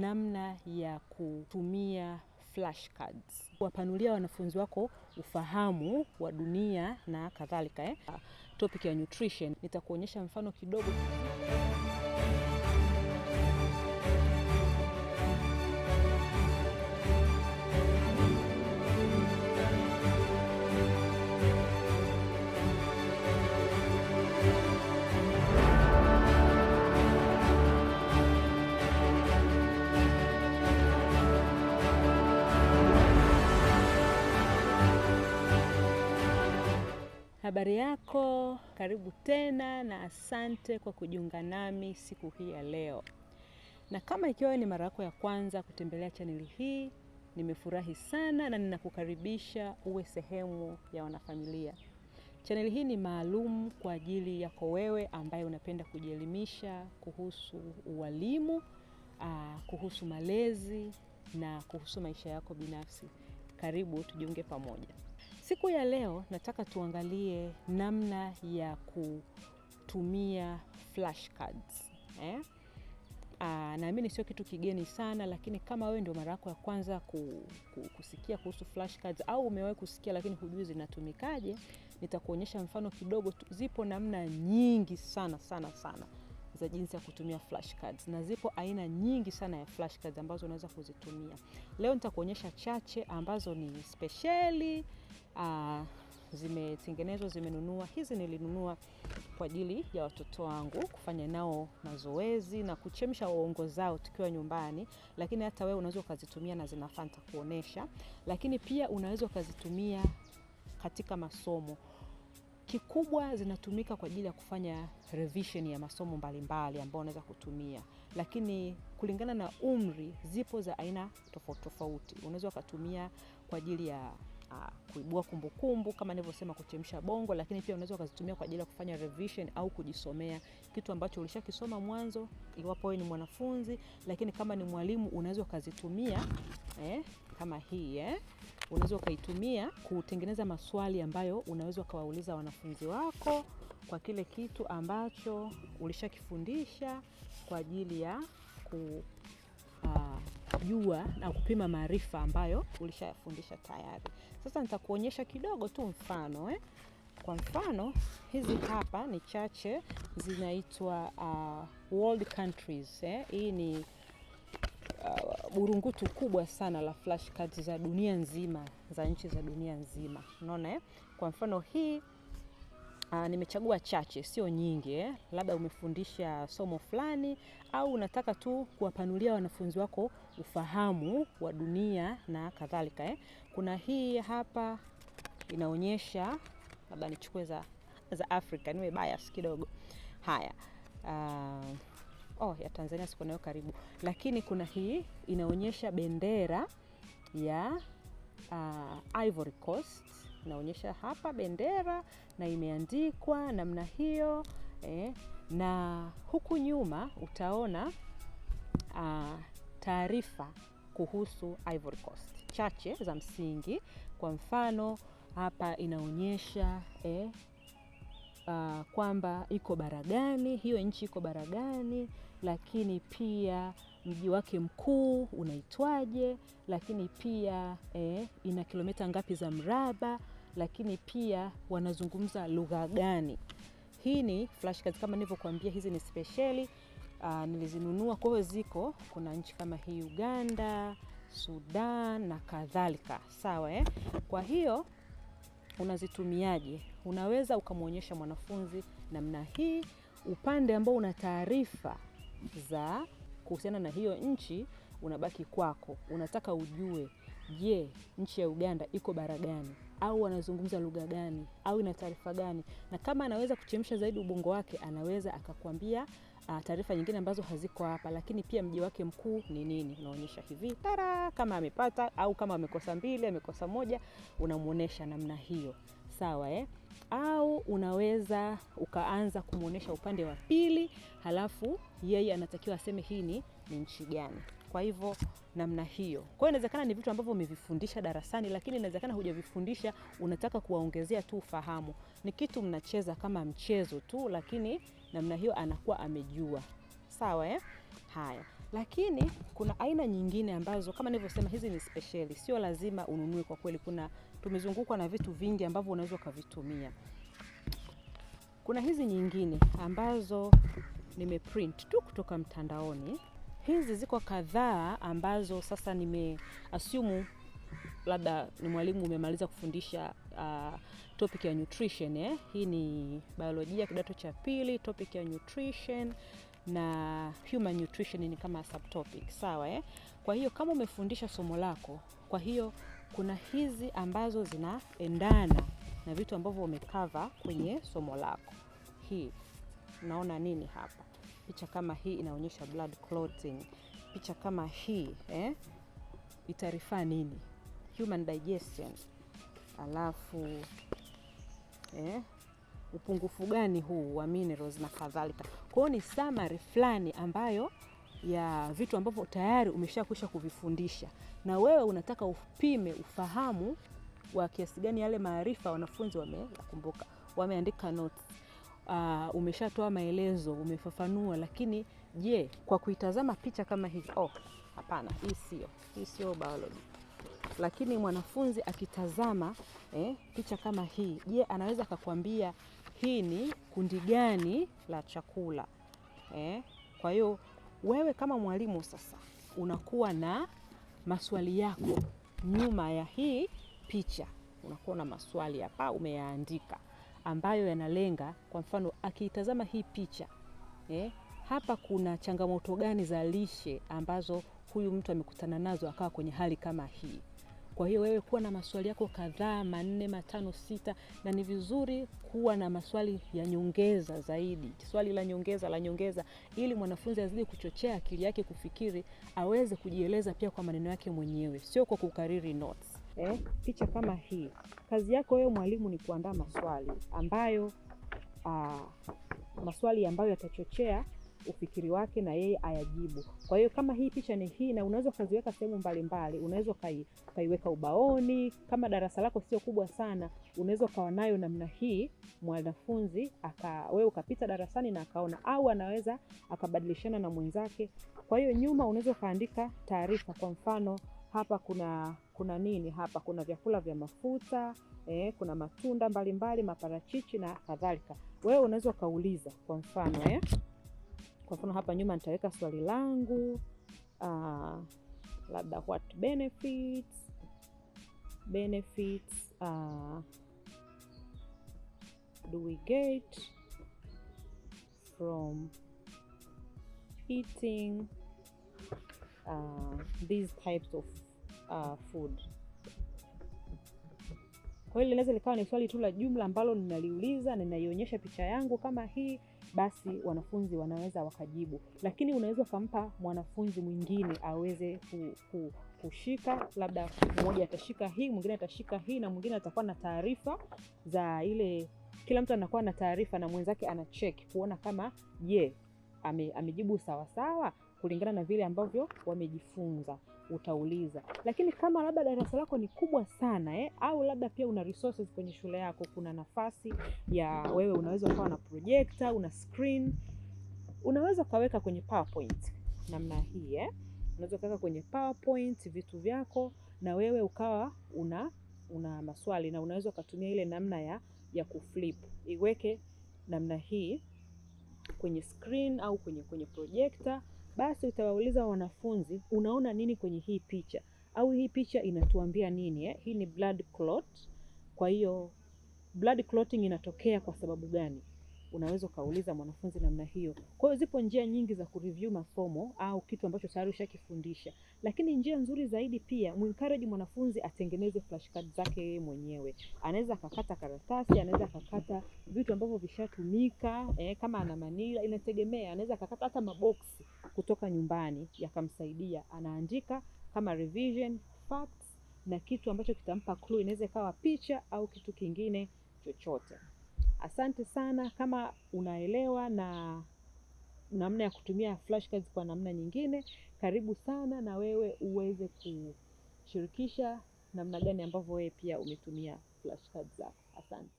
namna ya kutumia flashcards, kuwapanulia wanafunzi wako ufahamu wa dunia na kadhalika. Eh, topic ya nutrition nitakuonyesha mfano kidogo. Habari yako, karibu tena na asante kwa kujiunga nami siku hii ya leo. Na kama ikiwa ni mara yako ya kwanza kutembelea chaneli hii, nimefurahi sana na ninakukaribisha uwe sehemu ya wanafamilia. Chaneli hii ni maalum kwa ajili yako wewe ambaye unapenda kujielimisha kuhusu ualimu, ah, kuhusu malezi na kuhusu maisha yako binafsi. Karibu tujiunge pamoja. Siku ya leo nataka tuangalie namna ya kutumia flashcards eh? Ah, naamini sio kitu kigeni sana, lakini kama wewe ndio mara yako ya kwanza kusikia kuhusu flashcards au umewahi kusikia lakini hujui zinatumikaje, nitakuonyesha mfano kidogo tu. Zipo namna nyingi sana sana sana za jinsi ya kutumia flashcards na zipo aina nyingi sana ya flashcards ambazo unaweza kuzitumia. Leo nitakuonyesha chache ambazo ni spesheli uh, zimetengenezwa zimenunua. Hizi nilinunua kwa ajili ya watoto wangu kufanya nao mazoezi na kuchemsha waongo zao tukiwa nyumbani, lakini hata wewe unaweza ukazitumia na zinafanta kuonesha lakini pia unaweza ukazitumia katika masomo. Kikubwa zinatumika kwa ajili ya kufanya revision ya masomo mbalimbali ambayo unaweza kutumia, lakini kulingana na umri zipo za aina tofauti tofauti. Unaweza ukatumia kwa ajili ya Uh, kuibua kumbukumbu kama nilivyosema kuchemsha bongo, lakini pia unaweza ukazitumia kwa ajili ya kufanya revision au kujisomea kitu ambacho ulishakisoma mwanzo, iwapo wewe ni mwanafunzi. Lakini kama ni mwalimu unaweza ukazitumia eh, kama hii eh, unaweza ukaitumia kutengeneza maswali ambayo unaweza ukawauliza wanafunzi wako kwa kile kitu ambacho ulishakifundisha kwa ajili ya ku kujua na kupima maarifa ambayo ulishayafundisha tayari. Sasa nitakuonyesha kidogo tu mfano eh. Kwa mfano hizi hapa ni chache zinaitwa uh, world countries eh. Hii ni uh, burungutu kubwa sana la flashcards za dunia nzima za nchi za dunia nzima, unaona eh? Kwa mfano hii Aa, ah, nimechagua chache sio nyingi eh. Labda umefundisha somo fulani au unataka tu kuwapanulia wanafunzi wako ufahamu wa dunia na kadhalika eh. Kuna hii hapa inaonyesha, labda nichukue za, za Afrika niwe bias kidogo. Haya, uh, oh, ya Tanzania siko nayo karibu, lakini kuna hii inaonyesha bendera ya uh, Ivory Coast naonyesha hapa bendera na imeandikwa namna hiyo eh, na huku nyuma utaona uh, taarifa kuhusu Ivory Coast chache za msingi. Kwa mfano hapa inaonyesha eh, uh, kwamba iko bara gani, hiyo nchi iko bara gani lakini pia mji wake mkuu unaitwaje, lakini pia eh, ina kilomita ngapi za mraba, lakini pia wanazungumza lugha gani. Hii ni flashcards kama nilivyokuambia, hizi ni spesheli uh, ah, nilizinunua. Kwa hiyo ziko kuna nchi kama hii Uganda, Sudan na kadhalika, sawa eh? Kwa hiyo unazitumiaje? Unaweza ukamwonyesha mwanafunzi namna hii, upande ambao una taarifa za kuhusiana na hiyo nchi unabaki kwako. Unataka ujue, je, nchi ya Uganda iko bara gani au wanazungumza lugha gani au ina taarifa gani? Na kama anaweza kuchemsha zaidi ubongo wake, anaweza akakwambia ah, taarifa nyingine ambazo haziko hapa, lakini pia mji wake mkuu ni nini. Unaonyesha hivi tara, kama amepata au kama amekosa mbili, amekosa moja, unamwonyesha namna hiyo sawa eh? Au unaweza ukaanza kumwonyesha upande wa pili, halafu yeye anatakiwa aseme hii ni nchi gani. Kwa hivyo namna hiyo. Kwa hiyo inawezekana ni vitu ambavyo umevifundisha darasani, lakini inawezekana hujavifundisha, unataka kuwaongezea tu ufahamu. Ni kitu mnacheza kama mchezo tu, lakini namna hiyo anakuwa amejua. Sawa eh? Haya, lakini kuna aina nyingine ambazo kama nilivyosema, hizi ni spesheli, sio lazima ununue kwa kweli. Kuna tumezungukwa na vitu vingi ambavyo unaweza ukavitumia. Kuna hizi nyingine ambazo nimeprint tu kutoka mtandaoni. Hizi ziko kadhaa ambazo sasa nime asumu labda ni mwalimu umemaliza kufundisha uh, topic ya nutrition eh. Hii ni biolojia kidato cha pili, topic ya nutrition na human nutrition ni kama subtopic sawa eh. Kwa hiyo kama umefundisha somo lako, kwa hiyo kuna hizi ambazo zinaendana na vitu ambavyo umekava kwenye somo lako. Hii unaona nini hapa? Picha kama hii inaonyesha blood clotting. Picha kama hii eh, itarifaa nini? Human digestion. Alafu eh, upungufu gani huu wa minerals na kadhalika. Kwa hiyo ni summary fulani ambayo ya vitu ambavyo tayari umeshakwisha kuvifundisha, na wewe unataka upime ufahamu wa kiasi gani yale maarifa wanafunzi wameyakumbuka, wameandika notes. Uh, umeshatoa maelezo, umefafanua, lakini je, kwa kuitazama picha kama hii? Oh, hapana, hii sio hii sio biology. Lakini mwanafunzi akitazama eh, picha kama hii, je, anaweza akakwambia hii ni kundi gani la chakula eh? Kwa hiyo wewe kama mwalimu sasa unakuwa na maswali yako nyuma ya hii picha, unakuwa na maswali hapa umeyaandika, ambayo yanalenga kwa mfano, akiitazama hii picha eh, hapa kuna changamoto gani za lishe ambazo huyu mtu amekutana nazo akawa kwenye hali kama hii. Kwa hiyo wewe kuwa na maswali yako kadhaa, manne, matano, sita, na ni vizuri kuwa na maswali ya nyongeza zaidi, swali la nyongeza la nyongeza, ili mwanafunzi azidi kuchochea akili yake kufikiri, aweze kujieleza pia kwa maneno yake mwenyewe, sio kwa kukariri notes. Eh, picha kama hii, kazi yako wewe mwalimu ni kuandaa maswali ambayo aa, ah, maswali ambayo yatachochea ufikiri wake na yeye ayajibu. Kwa hiyo kama hii picha ni hii, na unaweza ukaziweka sehemu mbalimbali, unaweza ukaiweka ubaoni. Kama darasa lako sio kubwa sana, unaweza ukawa nayo namna hii, mwanafunzi aka wewe ukapita darasani na akaona, au anaweza akabadilishana na mwenzake. Kwa hiyo nyuma unaweza ukaandika taarifa, kwa mfano hapa kuna kuna nini hapa, kuna vyakula vya mafuta eh, kuna matunda mbalimbali mbali, maparachichi na kadhalika. Wewe unaweza ukauliza kwa mfano eh kwa mfano hapa nyuma nitaweka swali langu uh, labda what benefits benefits uh, do we get from eating uh, these types of uh, food. Kwa hiyo linaweza likawa ni swali tu la jumla ambalo ninaliuliza, ninaionyesha picha yangu kama hii basi wanafunzi wanaweza wakajibu, lakini unaweza ukampa mwanafunzi mwingine aweze ku, ku, kushika labda mmoja atashika hii, mwingine atashika hii, na mwingine atakuwa na taarifa za ile, kila mtu anakuwa na taarifa na mwenzake anacheki kuona kama je, yeah, ame, amejibu sawasawa kulingana na vile ambavyo wamejifunza utauliza. Lakini kama labda darasa lako ni kubwa sana eh, au labda pia una resources kwenye shule yako, kuna nafasi ya wewe unaweza ukawa na projekta, una screen, unaweza ukaweka kwenye PowerPoint namna hii eh, unaweza ukaweka kwenye PowerPoint vitu vyako na wewe ukawa una una maswali na unaweza ukatumia ile namna ya ya kuflip, iweke namna hii kwenye screen au kwenye kwenye projector basi utawauliza wanafunzi, unaona nini kwenye hii picha au hii picha inatuambia nini eh? Hii ni blood clot. Kwa hiyo blood clotting inatokea kwa sababu gani? unaweza ukauliza mwanafunzi namna hiyo. Kwa hiyo zipo njia nyingi za kureview masomo au kitu ambacho tayari ushakifundisha, lakini njia nzuri zaidi pia muencourage mwanafunzi atengeneze flashcard zake yeye mwenyewe. Anaweza akakata karatasi, anaweza akakata vitu ambavyo vishatumika eh, kama ana manila, inategemea. Anaweza akakata hata maboksi kutoka nyumbani yakamsaidia, anaandika kama revision facts na kitu ambacho kitampa clue, inaweza ikawa picha au kitu kingine chochote. Asante sana kama unaelewa na namna ya kutumia flashcards kwa namna nyingine, karibu sana na wewe uweze kushirikisha namna gani ambavyo wewe pia umetumia flashcards zako. Asante.